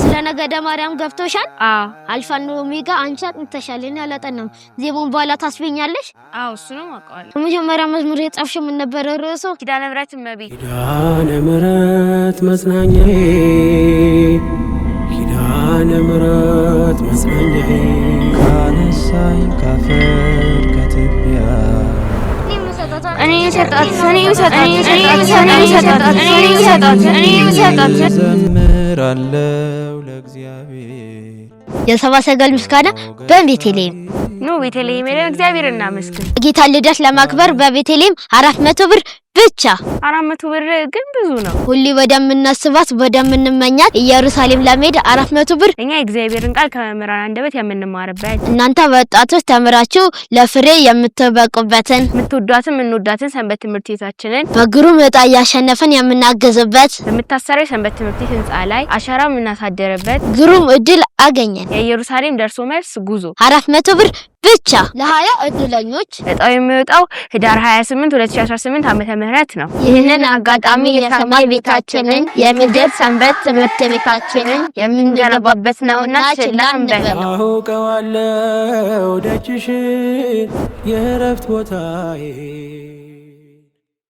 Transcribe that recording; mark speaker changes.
Speaker 1: ስለ ነገደ ማርያም ገብቶሻል? አልፋን ኦሜጋ አንቺ አጥንተሻል። እኔ አላጠናም። ዜማውን በኋላ ታስበኛለሽ።
Speaker 2: አዎ እሱንም አውቀዋለሁ።
Speaker 1: የመጀመሪያ መዝሙር የጻፍሽ ምን ነበረ ርዕሱ? ኪዳነ ምሕረት እመቤት።
Speaker 3: ኪዳነ ምሕረት መጽናኛዬ፣ ኪዳነ ምሕረት መጽናኛዬ
Speaker 4: እኔ ዘምራለው
Speaker 1: ለእግዚአብሔር ሰገል ምስጋና በቤተልሔም
Speaker 2: ኑ ቤተልሔም እግዚአብሔር እናመስግን።
Speaker 1: ጌታ ልደት ለማክበር በቤተልሔም አራት መቶ ብር ብቻ
Speaker 2: አራት መቶ ብር ግን ብዙ ነው።
Speaker 1: ሁሌ ወደምናስባት ወደምንመኛት ኢየሩሳሌም ለመሄድ አራት መቶ ብር
Speaker 2: እኛ የእግዚአብሔርን ቃል ከመምህራን አንደበት የምንማርበት
Speaker 1: እናንተ ወጣቶች ተምራችሁ ለፍሬ የምትበቁበትን
Speaker 2: የምትወዷትን የምንወዳትን ሰንበት ትምህርት ቤታችንን
Speaker 1: በግሩም እጣ እያሸነፍን የምናገዝበት
Speaker 2: በምታሰረው የሰንበት ትምህርት ቤት ህንፃ ላይ አሻራ የምናሳደርበት
Speaker 1: ግሩም እድል አገኘን።
Speaker 2: የኢየሩሳሌም ደርሶ መልስ ጉዞ
Speaker 1: አራት መቶ ብር ብቻ
Speaker 2: ለሀያ እድለኞች እጣው የሚወጣው ህዳር 28 2018 ዓመተ ምህረት ነው።
Speaker 1: ይህንን አጋጣሚ የሰማይ ቤታችንን የምድር ሰንበት ትምህርት ቤታችንን የምንገነባበት ነውና ችላ እንበል። አውቀዋለሁ ደጅሽን የእረፍት ቦታዬ